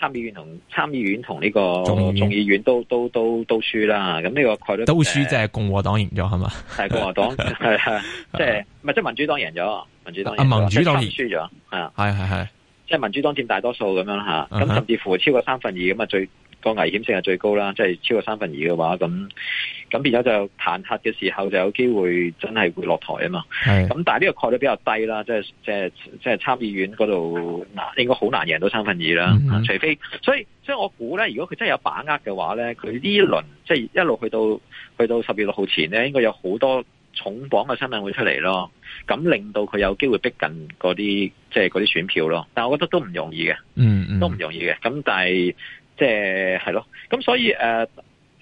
參議院同參議院同呢個眾議院都都都都輸啦，咁呢個概率都輸，即係共和黨贏咗係嘛？係共和黨係係，即係唔係即係民主黨贏咗，民主黨啊民主黨輸咗啊，係係係。即係民主黨佔大多數咁樣吓，咁甚至乎超過三分二咁啊，最個危險性係最高啦。即係超過三分二嘅話，咁咁變咗就彈劾嘅時候就有機會真係會落台啊嘛。咁是但係呢個概率比較低啦，即係即係即係參議院嗰度難，應該好難贏到三分二啦。除非，是所以所以我估咧，如果佢真係有把握嘅話咧，佢呢一輪即係一路去到去到十月六號前咧，應該有好多重磅嘅新聞會出嚟咯。咁令到佢有機會逼近嗰啲，即係嗰啲選票咯。但我覺得都唔容易嘅、嗯，嗯，都唔容易嘅。咁但係即係，係咯。咁所以誒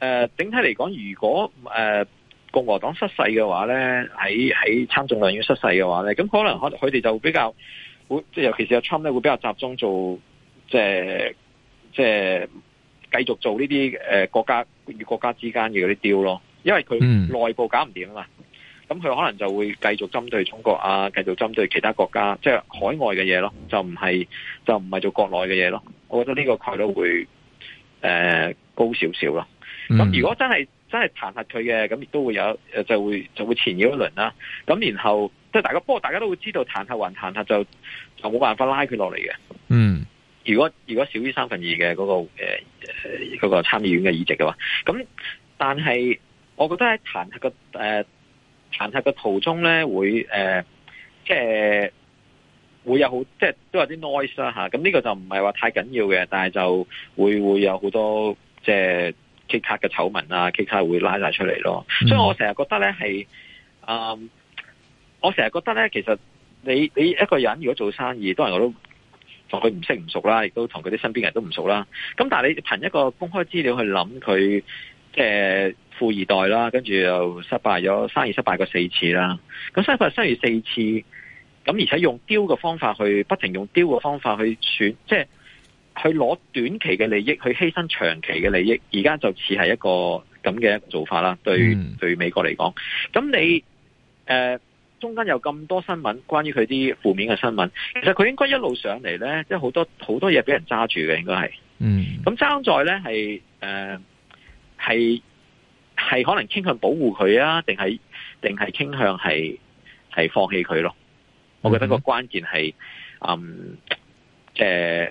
誒，整體嚟講，如果誒、呃、共和黨失勢嘅話咧，喺喺參眾兩院失勢嘅話咧，咁可能可能佢哋就比較會，即係尤其是阿 Trump 咧，會比較集中做，即係即係繼續做呢啲誒國家與國家之間嘅嗰啲 deal 咯，因為佢內部搞唔掂啊嘛。咁佢可能就會繼續針對中國啊，繼續針對其他國家，即係海外嘅嘢咯，就唔係就唔係做國內嘅嘢咯。我覺得呢個概率會誒、呃、高少少咯。咁、嗯、如果真係真係彈劾佢嘅，咁亦都會有就會就會纏繞一輪啦、啊。咁然後即係大家，不過大家都會知道彈劾還彈劾就就冇辦法拉佢落嚟嘅。嗯，如，如果如果少於三分二嘅嗰、嗰個誒誒嗰個參議院嘅議席嘅話，咁但係我覺得喺彈劾嘅彈劾嘅途中咧，會誒、呃，即係、啊、會，會有好，即係都有啲 noise 啦嚇。咁呢個就唔係話太緊要嘅，但係就會會有好多即係 K 卡嘅醜聞啊，K 卡，卡會拉晒出嚟咯。所以我成日覺得咧係，嗯、呃，我成日覺得咧，其實你你一個人如果做生意，當然我都同佢唔識唔熟啦，亦都同佢啲身邊人都唔熟啦。咁但係你憑一個公開資料去諗佢。嘅富二代啦，跟住又失敗咗，生意失敗過四次啦。咁失敗生意四次，咁而且用丟嘅方法去，不停用丟嘅方法去選，即係去攞短期嘅利益，去犧牲長期嘅利益。而家就似係一個咁嘅一個做法啦。對對美國嚟講，咁、嗯、你誒、呃、中間有咁多新聞，關於佢啲負面嘅新聞，其實佢應該一路上嚟咧，即係好多好多嘢俾人揸住嘅，應該係。嗯。咁爭在咧係誒。係係可能傾向保護佢啊，定係定係傾向係係放棄佢咯？我覺得個關鍵係，嗯，誒誒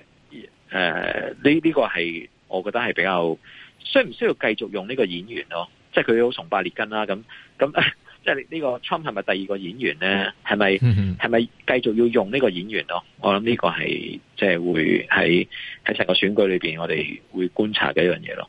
呢呢個係，我覺得係比較需唔需要繼續用呢個演員咯？即係佢好崇拜列根啦，啊，咁咁，即係呢個 Trump 係咪第二個演員咧？係咪係咪繼續要用呢個演員咯？我諗呢個係即係會喺喺成個選舉裏邊，我哋會觀察嘅一樣嘢咯。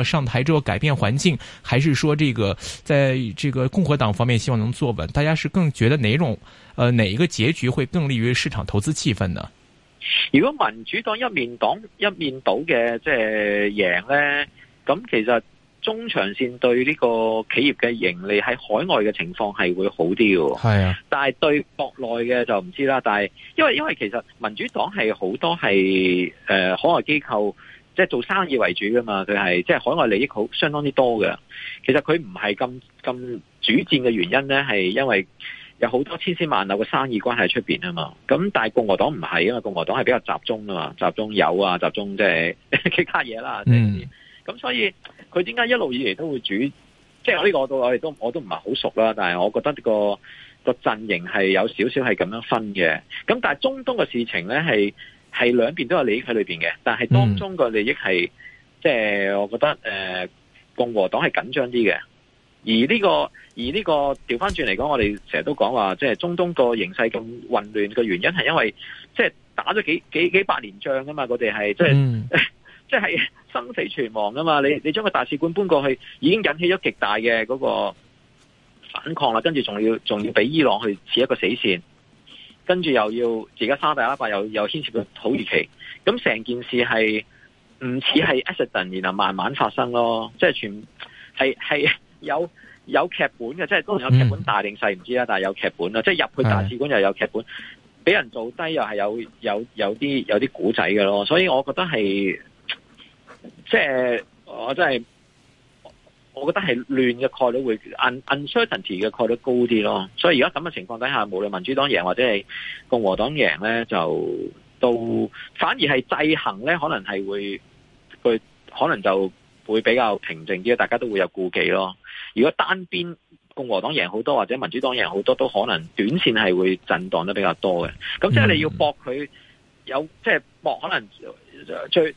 上台之後改變環境，還是說這個在這個共和黨方面希望能坐穩？大家是更覺得哪種？呃，哪一個結局會更利於市場投資氣氛呢？如果民主黨一面黨一面倒嘅，即係贏呢，咁其實中長線對呢個企業嘅盈利喺海外嘅情況係會好啲係啊，但係對國內嘅就唔知啦。但係因為因為其實民主黨係好多係誒海外機構。即係做生意為主噶嘛，佢係即係海外利益好相當之多嘅。其實佢唔係咁咁主戰嘅原因咧，係因為有好多千絲萬縷嘅生意關係出邊啊嘛。咁但係共和黨唔係，啊嘛，共和黨係比較集中啊嘛，集中有啊，集中即係其他嘢啦。嗯。咁所以佢點解一路以嚟都會主，即係呢個我我哋都我都唔係好熟啦。但係我覺得個個陣營係有少少係咁樣分嘅。咁但係中東嘅事情咧係。係兩邊都有利益喺裏邊嘅，但係當中個利益係，即係、嗯、我覺得誒、呃，共和黨係緊張啲嘅。而呢、這個而呢、這個調翻轉嚟講，我哋成日都講話，即、就、係、是、中東個形勢咁混亂嘅原因係因為，即、就、係、是、打咗幾幾幾百年仗噶嘛，我哋係即係即係生死存亡噶嘛。你你將個大使館搬過去，已經引起咗極大嘅嗰個反抗啦，跟住仲要仲要俾伊朗去設一個死線。跟住又要而家沙特阿拉伯又又牽涉到土耳其，咁成件事係唔似係 accident，然後慢慢發生咯，即係全係係有有劇本嘅，即係當然有劇本大定細唔知啦，但係有劇本啦，即係入去大使館又有劇本，俾的人做低又係有有有啲有啲古仔嘅咯，所以我覺得係即係我真係。我覺得係亂嘅概率會 un uncertainty 嘅概率高啲咯，所以而家咁嘅情況底下，無論民主黨贏或者係共和黨贏咧，就都反而係制衡咧，可能係會佢可能就會比較平靜啲，大家都會有顧忌咯。如果單邊共和黨贏好多或者民主黨贏好多，都可能短線係會震盪得比較多嘅。咁即係你要搏佢有，即係搏可能最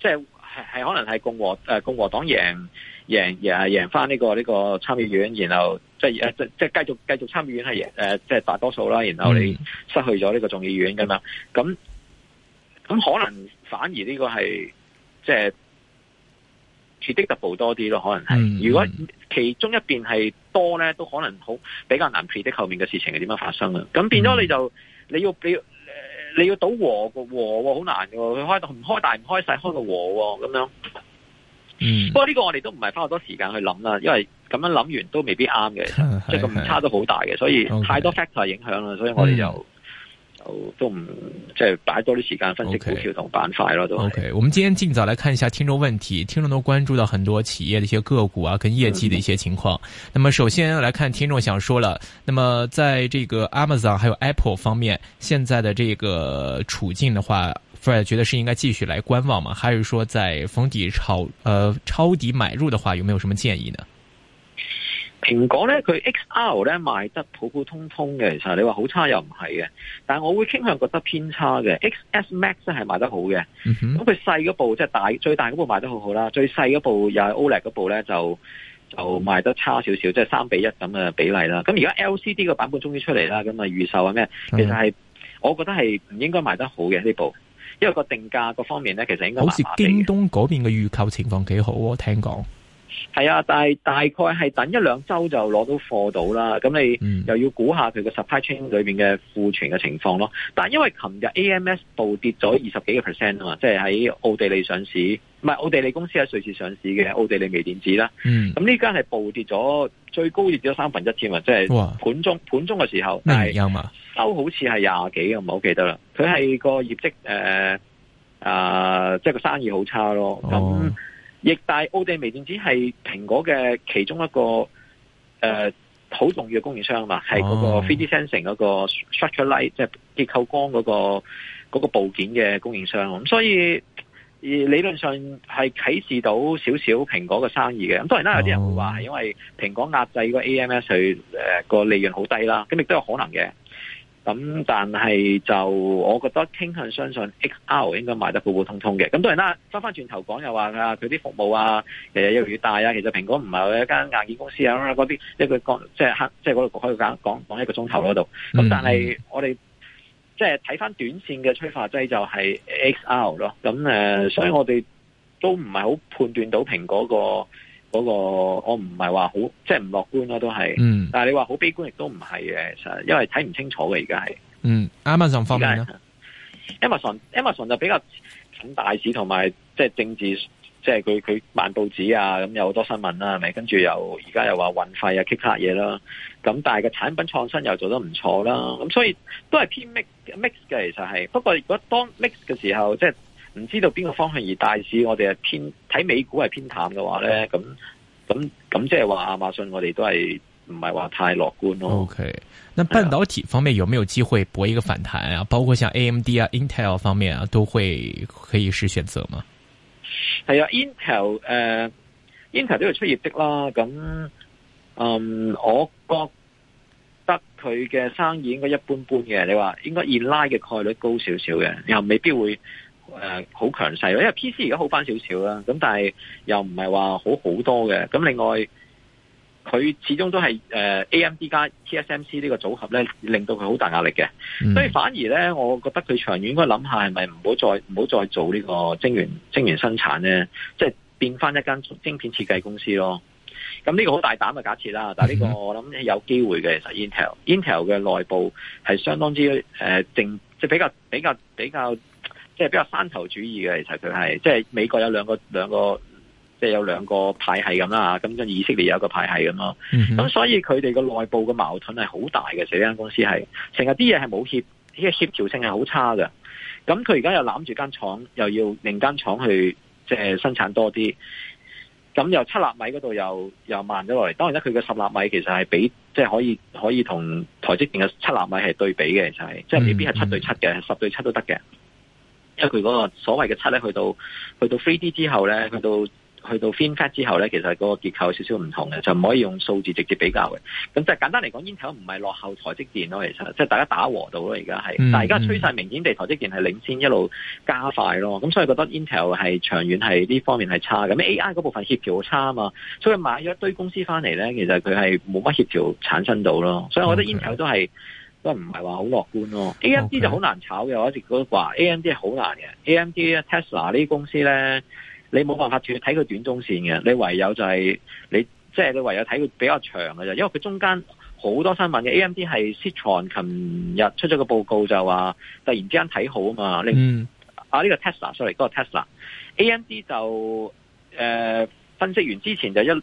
即係。係可能係共和誒、呃、共和黨贏贏贏係贏翻呢、這個呢、這個參議院，然後即係誒、呃、即即係繼續繼續參議院係贏誒、呃、即係大多數啦，然後你失去咗呢個眾議院咁樣，咁咁可能反而呢個係即係 predictable 多啲咯，可能係、嗯嗯、如果其中一邊係多咧，都可能好比較難 predict 後面嘅事情係點樣發生啦。咁變咗你就、嗯、你要俾。你要你要賭和個和好難嘅，佢開，開，開到唔開大唔開細，開個和咁樣。嗯，不過呢個我哋都唔係花好多時間去諗啦，因為咁樣諗完都未必啱嘅，即係個誤差都好大嘅，的所以太多 factor 影響啦，Okay 所以我哋就。都唔即係擺多啲時間分析股票同板塊咯，okay, okay, 都係。OK，我們今天盡早來看一下聽眾問題。聽眾都關注到很多企業的一些個股啊，跟業績的一些情況。嗯、那麼首先來看聽眾想說了，那麼在這個 Amazon 還有 Apple 方面，現在的這個處境的話，Fred 覺得是應該繼續來觀望嗎？還是說在逢底炒，呃，抄底買入的話，有沒有什麼建議呢？蘋果咧佢 XR 咧，賣得普普通通嘅，其實你話好差又唔係嘅，但係我會傾向覺得偏差嘅。XS Max 係賣得好嘅，咁佢細嗰部即係大最大嗰部賣得好好啦，最細嗰部又係 OLED 嗰部咧就就賣得差少少，嗯、即係三比一咁嘅比例啦。咁而家 LCD 嘅版本終於出嚟啦，咁啊預售啊咩，其實係、嗯、我覺得係唔應該賣得好嘅呢部，因為個定價嗰方面咧其實應該買買好似京東嗰邊嘅預購情況幾好，聽講。係啊，但係大概係等一兩周就攞到貨到啦。咁你又要估下佢個 supply chain 裏面嘅庫存嘅情況咯。但係因為琴日 AMS 暴跌咗二十幾個 percent 啊嘛，即係喺奧地利上市，唔係奧地利公司喺瑞士上市嘅奧地利微電子啦。咁呢間係暴跌咗，最高跌咗三分一添啊！即係盤中盤哇中嘅時候，咩收好似係廿幾啊，唔係好記得啦。佢係個業績誒啊，即係個生意好差咯。咁、哦。亦大，奧地利微電子係蘋果嘅其中一個誒好、呃、重要嘅供應商啊嘛，係嗰個 three D sensing 嗰個 structure light 即係結構光嗰個嗰個部件嘅供應商。咁、哦那個那個、所以而理論上係啟示到少少蘋果嘅生意嘅。咁當然啦，有啲人會話係因為蘋果壓制個 A M S 去誒個利潤好低啦，咁亦都有可能嘅。咁、嗯、但係就，我覺得傾向相信 XR 應該賣得普普通通嘅。咁當然啦，翻翻轉頭講又話佢啲服務啊，誒越嚟越大啊。其實蘋果唔係一間硬件公司啊，嗰啲即係佢講，即係黑，即係嗰度講講講一個鐘頭嗰度。咁但係我哋即係睇翻短線嘅催化劑就係 XR 咯。咁、嗯、所以我哋都唔係好判斷到蘋果個。嗰、那個我唔係話好，即係唔樂觀啦，都係。嗯，但係你話好悲觀亦都唔係嘅，其實因為睇唔清楚嘅，而家係。嗯，Amazon 方面啦但。Amazon，Amazon Amazon 就比較大市同埋即係政治，即係佢佢辦報紙啊，咁、嗯、有好多新聞啦，咪跟住又而家又話運費啊，其他嘢啦。咁、啊啊、但係個產品創新又做得唔錯啦，咁、嗯嗯、所以都係偏 mix mix 嘅，ix，其實係。不過如果當 mix 嘅時候，即係。唔知道邊個方向而大市，我哋係偏睇美股係偏淡嘅話咧，咁咁咁即係話亞馬遜，我哋都係唔係話太樂觀咯。O K，那半導體方面有冇有機會博一個反彈啊？嗯、包括像 A M D 啊、Intel 方面啊，都會可以試選擇嘛係啊，Intel 誒、呃、，Intel 都要出業績啦。咁嗯，我覺得佢嘅生意應該一般般嘅。你話應該 in line 嘅概率高少少嘅，又未必會。誒，好強勢咯，因為 P C 而家好翻少少啦，咁但係又唔係話好好多嘅，咁另外佢始終都係誒、呃、A M D 加 T S M C 呢個組合咧，令到佢好大壓力嘅，嗯、所以反而咧，我覺得佢長遠應該諗下係咪唔好再唔好再做呢個晶圓晶圓生產咧，即、就、係、是、變翻一間晶片設計公司咯。咁呢個好大膽嘅假設啦，但係呢個我諗有機會嘅，其實 Intel、嗯、Intel Intel 嘅內部係相當之誒正，即係比較比較比較。比較比較即係比較山頭主義嘅，其實佢係即係美國有兩個兩個，即係有兩個派系咁啦，咁跟以色列有一個派系咁咯。咁所以佢哋個內部嘅矛盾係好大嘅，成間公司係成日啲嘢係冇協，呢個協調性係好差嘅。咁佢而家又攬住間廠，又要另間廠去即係生產多啲。咁又七納米嗰度又又慢咗落嚟。當然啦，佢嘅十納米其實係比即係可以可以同台積電嘅七納米係對比嘅，就係即係未必係七對七嘅，嗯嗯、十對七都得嘅。因為佢嗰個所謂嘅七咧，去到去到飛 D 之後咧，去到去到 f i n c a t 之後咧，其實嗰個結構有少少唔同嘅，就唔可以用數字直接比較嘅。咁就係簡單嚟講，Intel 唔係落後台積電咯，其實即係大家打和到咯，而家係，嗯嗯但係而家趨勢明顯地台積電係領先一路加快咯。咁所以覺得 Intel 係長遠係呢方面係差嘅，A I 嗰部分協調差啊嘛，所以買咗一堆公司翻嚟咧，其實佢係冇乜協調產生到咯。所以我覺得 Intel 都係。Okay. .都唔係話好樂觀咯、哦、，AMD Okay. 就好難炒嘅，我一直都話 AMD 係好難嘅，AMD Tesla 呢啲公司咧，你冇辦法睇佢短中線嘅，你唯有就係、是、你即係、就是、你唯有睇佢比較長嘅啫，因為佢中間好多新聞嘅，AMD 係 Citron 琴日出咗個報告就話突然之間睇好啊嘛，你、嗯、啊呢、這個 Tesla，sorry 嗰個 Tesla，AMD 就誒、呃、分析完之前就一。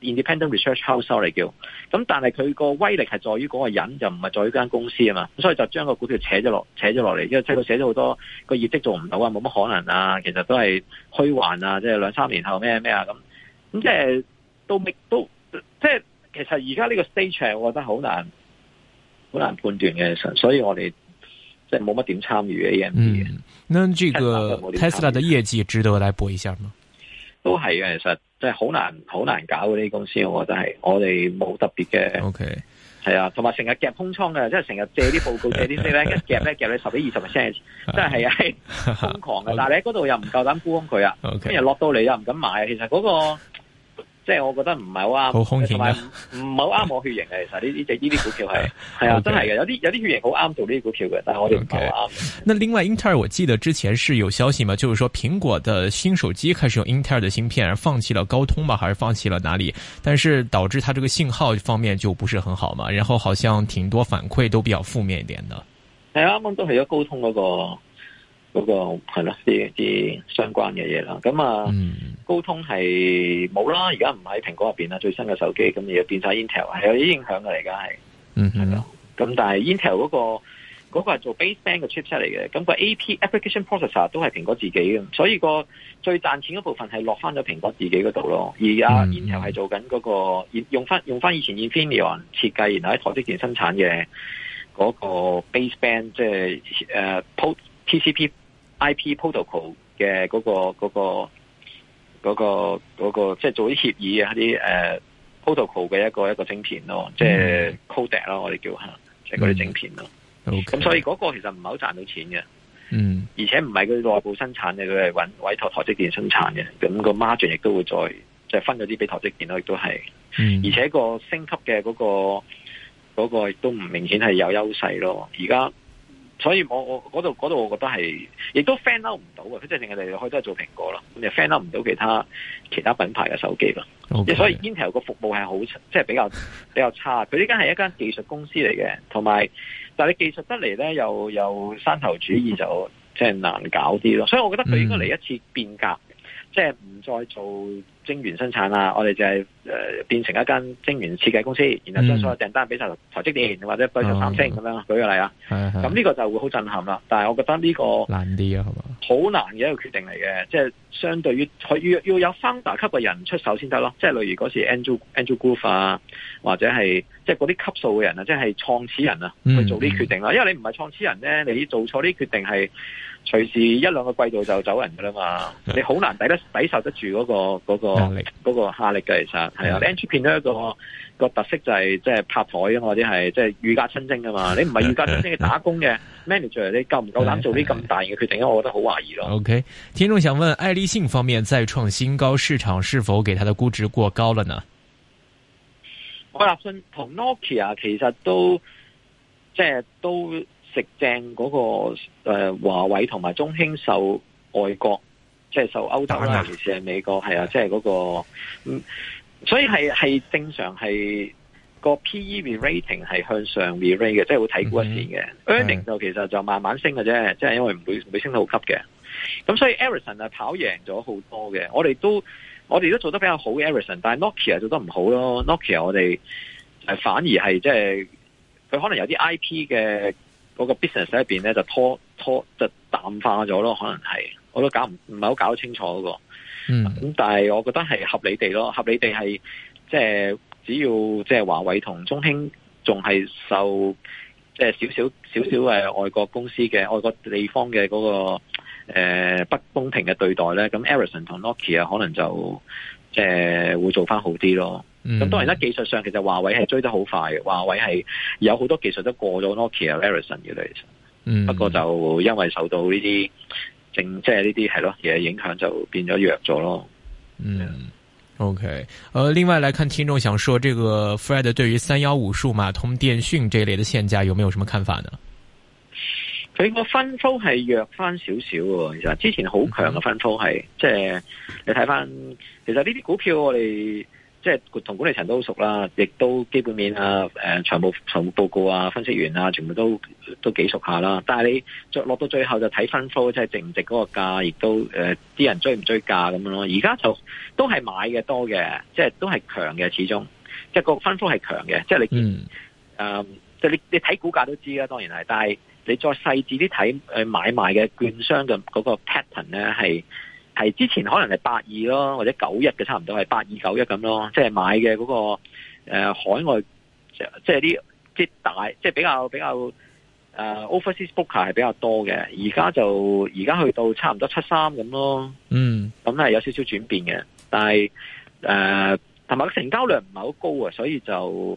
Independent Research House 嚟叫，咁但係佢個威力係在於嗰個人，就唔係在於間公司啊嘛，所以就將個股票扯咗落，扯咗落嚟，因為佢寫咗好多個業績做唔到啊，冇乜可能啊，其實都係虛幻啊，即係兩三年後咩咩啊咁，咁即係都未都即係其實而家呢個 stage，我覺得好難，好難判斷嘅，所以我哋即係冇乜點參與 AIB 嘅、嗯。那呢個 Tesla 嘅業績值得我嚟搏一下嗎？都係嘅，其實真係好難，好難搞嗰啲公司，我覺得係我哋冇特別嘅。O K，係啊，同埋成日夾空倉嘅，即係成日借啲報告 借啲咩咧，一夾咧夾你十幾二十 percent 真係係瘋狂嘅的。Okay. 但係你喺嗰度又唔夠膽沽空佢啊，跟住 Okay. 落到嚟又唔敢買。其實嗰、嗰個。即係 我覺得唔係好啱，好空前嘅，唔係好啱我血型嘅。其實呢啲即呢啲股票係係啊，Okay. 真係嘅。有啲有啲血型好啱做呢啲股票嘅，但係我哋唔夠啱。Okay. 那另外英特爾，我記得之前是有消息嘛，就是說蘋果的新手機開始用英特爾嘅芯片，而放棄了高通嘛，還是放棄了哪裏？但是導致它這個信號方面就不是很好嘛，然後好像挺多反饋都比較負面一點嘅。係啱啱都係咗高通嗰個嗰個係啦，啲啲相關嘅嘢啦。咁啊。高通係冇啦，而家唔喺蘋果入面啦，最新嘅手機咁而變晒 Intel，係有啲影響㗎。嚟，而家係，嗯、hmm. 哼，咁但係 Intel 嗰、那個嗰、那個係做 baseband 嘅 chip 出嚟嘅，咁、那個 AP application processor 都係蘋果自己嘅，所以個最賺錢嗰部分係落翻咗蘋果自己嗰度咯，而家 Intel 係做緊、那、嗰個用翻用翻以前 Infineon 設計，然後喺台積電生產嘅嗰個 baseband，即係 po TCP IP protocol 嘅嗰個嗰個。那個嗰、那個嗰、那個即係做啲協議啊，一啲誒 protocol 嘅一個一個晶片咯，即係 codec 咯，我哋叫吓，即係嗰啲晶片咯。咁、mm hmm. okay. 所以嗰個其實唔係好賺到錢嘅。嗯、mm，hmm. 而且唔係佢內部生產嘅，佢係搵委託台積電生產嘅。咁、那個 margin 亦都會再，即、就、係、是、分咗啲俾台積電咯，亦都係。嗯、mm，hmm. 而且個升級嘅嗰、那個嗰、那個亦都唔明顯係有優勢咯。而家。所以我我嗰度度，那裡那裡我覺得係亦都 fan out 唔到嘅，佢即係淨係可以都係做蘋果咁，就 fan out 唔到其他其他品牌嘅手機啦。Okay. 所以 Intel 個服務係好即係比較比較差，佢呢間係一間技術公司嚟嘅，同埋但係技術得嚟咧又有山頭主義就即係、就是、難搞啲咯。所以我覺得佢應該嚟一次變革。嗯即係唔再做晶圓生產啦，我哋就係誒變成一間晶圓設計公司，然後將所有訂單俾晒台積電，嗯，或者俾晒三星咁，哦，樣。舉個例啊，咁呢是個就會好震撼啦。但係我覺得呢個難啲啊，係嘛？好難嘅一個決定嚟嘅，啊，即係相對於佢要要有 founder，er，級嘅人出手先得咯。即係例如嗰時 Andrew Andrew Grove 啊，或者係即係嗰啲級數嘅人啊，即係創始人啊去做啲決定啦。嗯，因為你唔係創始人咧，你做錯啲決定係。隨時一兩個季度就走人噶啦嘛，你好難抵得抵受得住嗰、那個嗰、那個嗰個壓力㗎。其實係啊 entrepreneur 片咧一個個特色就係即係拍台啊或者係即係御駕親征啊嘛，你唔係御駕親征嘅打工嘅 manager，你夠唔夠膽做啲咁大型嘅決定、嗯嗯嗯、我覺得好懷疑咯。OK，聽眾想問，愛立信方面再創新高，市場是否給他的估值過高了呢？愛立信同 Nokia、ok、其實都即係都。.食正嗰、那個誒，華、呃、為同埋中興受外國，即係受歐洲啦，尤其是係美國，係啊，即係嗰個、嗯。所以係係正常係個 P E 面 rating 係向上面 rating 嘅，即係會睇過一線嘅。嗯嗯、earning 就的其實就慢慢升嘅啫，即係因為唔會唔會升得好急嘅。咁所以 Ericsson 啊跑贏咗好多嘅，我哋都我哋都做得比較好嘅 Ericsson 但係 Nokia、ok、做得唔好咯。Nokia 我哋係反而係即係佢可能有啲 I P 嘅。嗰個 business 入邊咧就拖拖就淡化咗咯，可能係我都搞唔唔係好搞清楚嗰、那個，咁、嗯嗯、但係我覺得係合理地咯，合理地係即係只要即係華為同中興仲係受即係少少少少誒外國公司嘅外國地方嘅嗰、那個不、呃、公平嘅對待咧，咁 Ericsson 同 Nokia 可能就誒、呃、會做翻好啲咯。咁、嗯、當然啦，技術上其實華為係追得好快嘅，華為係有好多技術都過咗 Nokia、Ericsson 嘅咧。其實，過 Nokia, 嗯、不過就因為受到呢啲政即係呢啲係咯嘢影響，就,是、了響就變咗弱咗咯。嗯，OK。呃，另外嚟看聽眾想說，這個 Fred 對於三幺五數碼通電訊這一類的限價，有沒有什麼看法呢？佢個分幅係弱翻少少嘅，其實之前好強嘅分幅係，嗯、哼即係你睇翻，其實呢啲股票我哋。即係同管理層都熟啦，亦都基本面啊、誒、呃、財務財務報告啊、分析員啊，全部都都幾熟下啦。但係你落到最後就睇分幅，即係值唔值嗰個價，亦都誒啲、呃、人追唔追價咁樣咯。而家就都係買嘅多嘅，即係都係強嘅，始終即係個分幅係強嘅。即係你見誒，即你、嗯呃、你睇股價都知啦，當然係。但係你再細緻啲睇誒買賣嘅券商嘅嗰個 pattern 咧，係。係之前可能係八二咯，或者九一嘅差唔多係八二九一咁咯，即係買嘅嗰個誒海外即係啲即大即係比較比較誒、呃、overseas broker 係比較多嘅，而家就而家去到差唔多七三咁咯，嗯，咁係有少少轉變嘅，但係誒同埋個成交量唔係好高啊，所以就。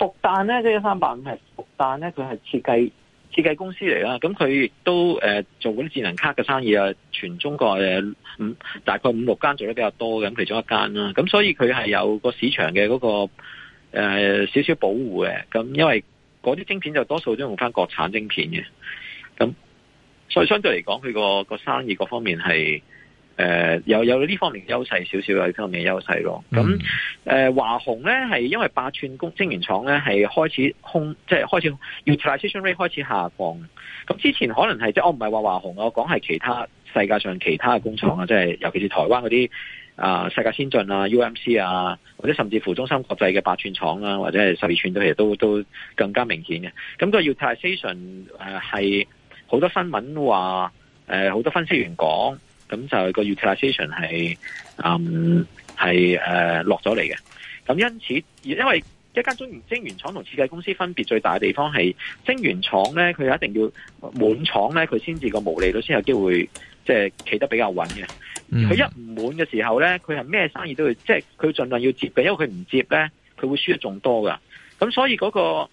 復旦呢，即係一三八五係復旦呢，佢係設計設計公司嚟啦，咁佢亦都誒做嗰啲智能卡嘅生意啊，全中國誒五大概五六間做得比較多嘅，咁其中一間啦，咁所以佢係有個市場嘅嗰個誒少少保護嘅，咁因為嗰啲晶片就多數都用翻國產晶片嘅，咁所以相對嚟講，佢個個生意各方面係。誒、呃，有有呢方面優勢少少，有呢方面優勢咯。咁誒，華虹咧係因為八寸工晶圓廠咧係開始空，即係開始 utilization rate 開始下降。咁之前可能係即係我唔係話華虹啊，我講係其他世界上其他嘅工廠啊，即係尤其是台灣嗰啲啊，世界先進啊、UMC 啊，或者甚至乎中芯國際嘅八寸廠啊，或者係十二寸都其實都都更加明顯嘅。咁個 utilization 誒、呃、係好多新聞話，誒、呃、好多分析員講。咁就個 utilization 係，嗯，係誒落咗嚟嘅。咁、呃、因此，而因為一間晶圓晶圓廠同設計公司分別最大嘅地方係，晶圓廠咧佢一定要滿廠咧，佢先至個毛利率先有機會，即係企得比較穩嘅。佢、mm hmm. 一唔滿嘅時候咧，佢係咩生意都要，即係佢盡量要接嘅，因為佢唔接咧，佢會輸得仲多噶咁所以嗰、個。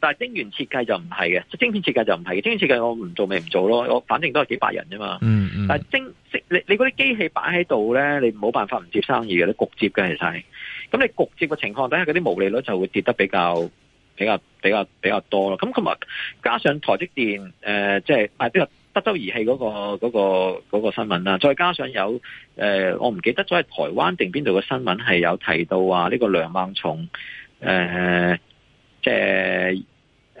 但係晶圓設計就唔係嘅，即係晶片設計就唔係嘅，晶片設計我唔做咪唔做咯，我反正都係幾百人啫嘛、嗯。嗯嗯。但係晶即你你嗰啲機器擺喺度咧，你冇辦法唔接生意嘅，你焗接嘅其實。咁你焗接嘅情況底下，嗰啲毛利率就會跌得比較比較比較比較多咯。咁同埋加上台積電，誒、呃，即係啊，呢個德州儀器嗰、嗰個嗰、嗰個、嗰個新聞啦，再加上有誒、呃，我唔記得咗係台灣定邊度嘅新聞係有提到話呢個梁孟松誒，即、呃、係。就是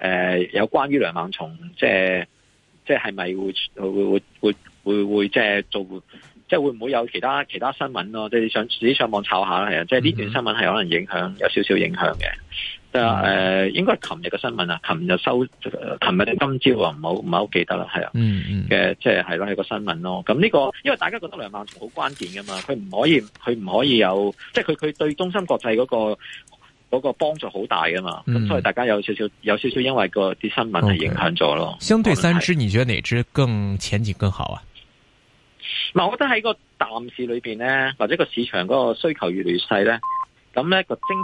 誒、呃，有關於梁孟松，即係即係係咪會會會會會會即係做，即係會唔會有其他其他新聞咯？即係你上自己上網炒下啦，係啊，即係呢段新聞係可能影響有少少影響嘅。啊誒、呃，應該係琴日嘅新聞啊，琴日收，琴日定今朝啊，唔好唔係好記得啦，係啊。嘅、嗯嗯、即係係、那個、咯，係、個新聞咯。咁呢個因為大家覺得梁孟松好關鍵㗎嘛，佢唔可以，佢唔可以有，即係佢佢對中芯國際嗰、個。嗰個幫助好大㗎嘛，咁、嗯、所以大家有少少有少少因為個啲新聞係影響咗咯。Okay, 相對三支，你覺得哪支更前景更好啊？嗱，我覺得喺個淡市裏邊呢，或者個市場嗰個需求越嚟越細呢，咁、那、呢個精。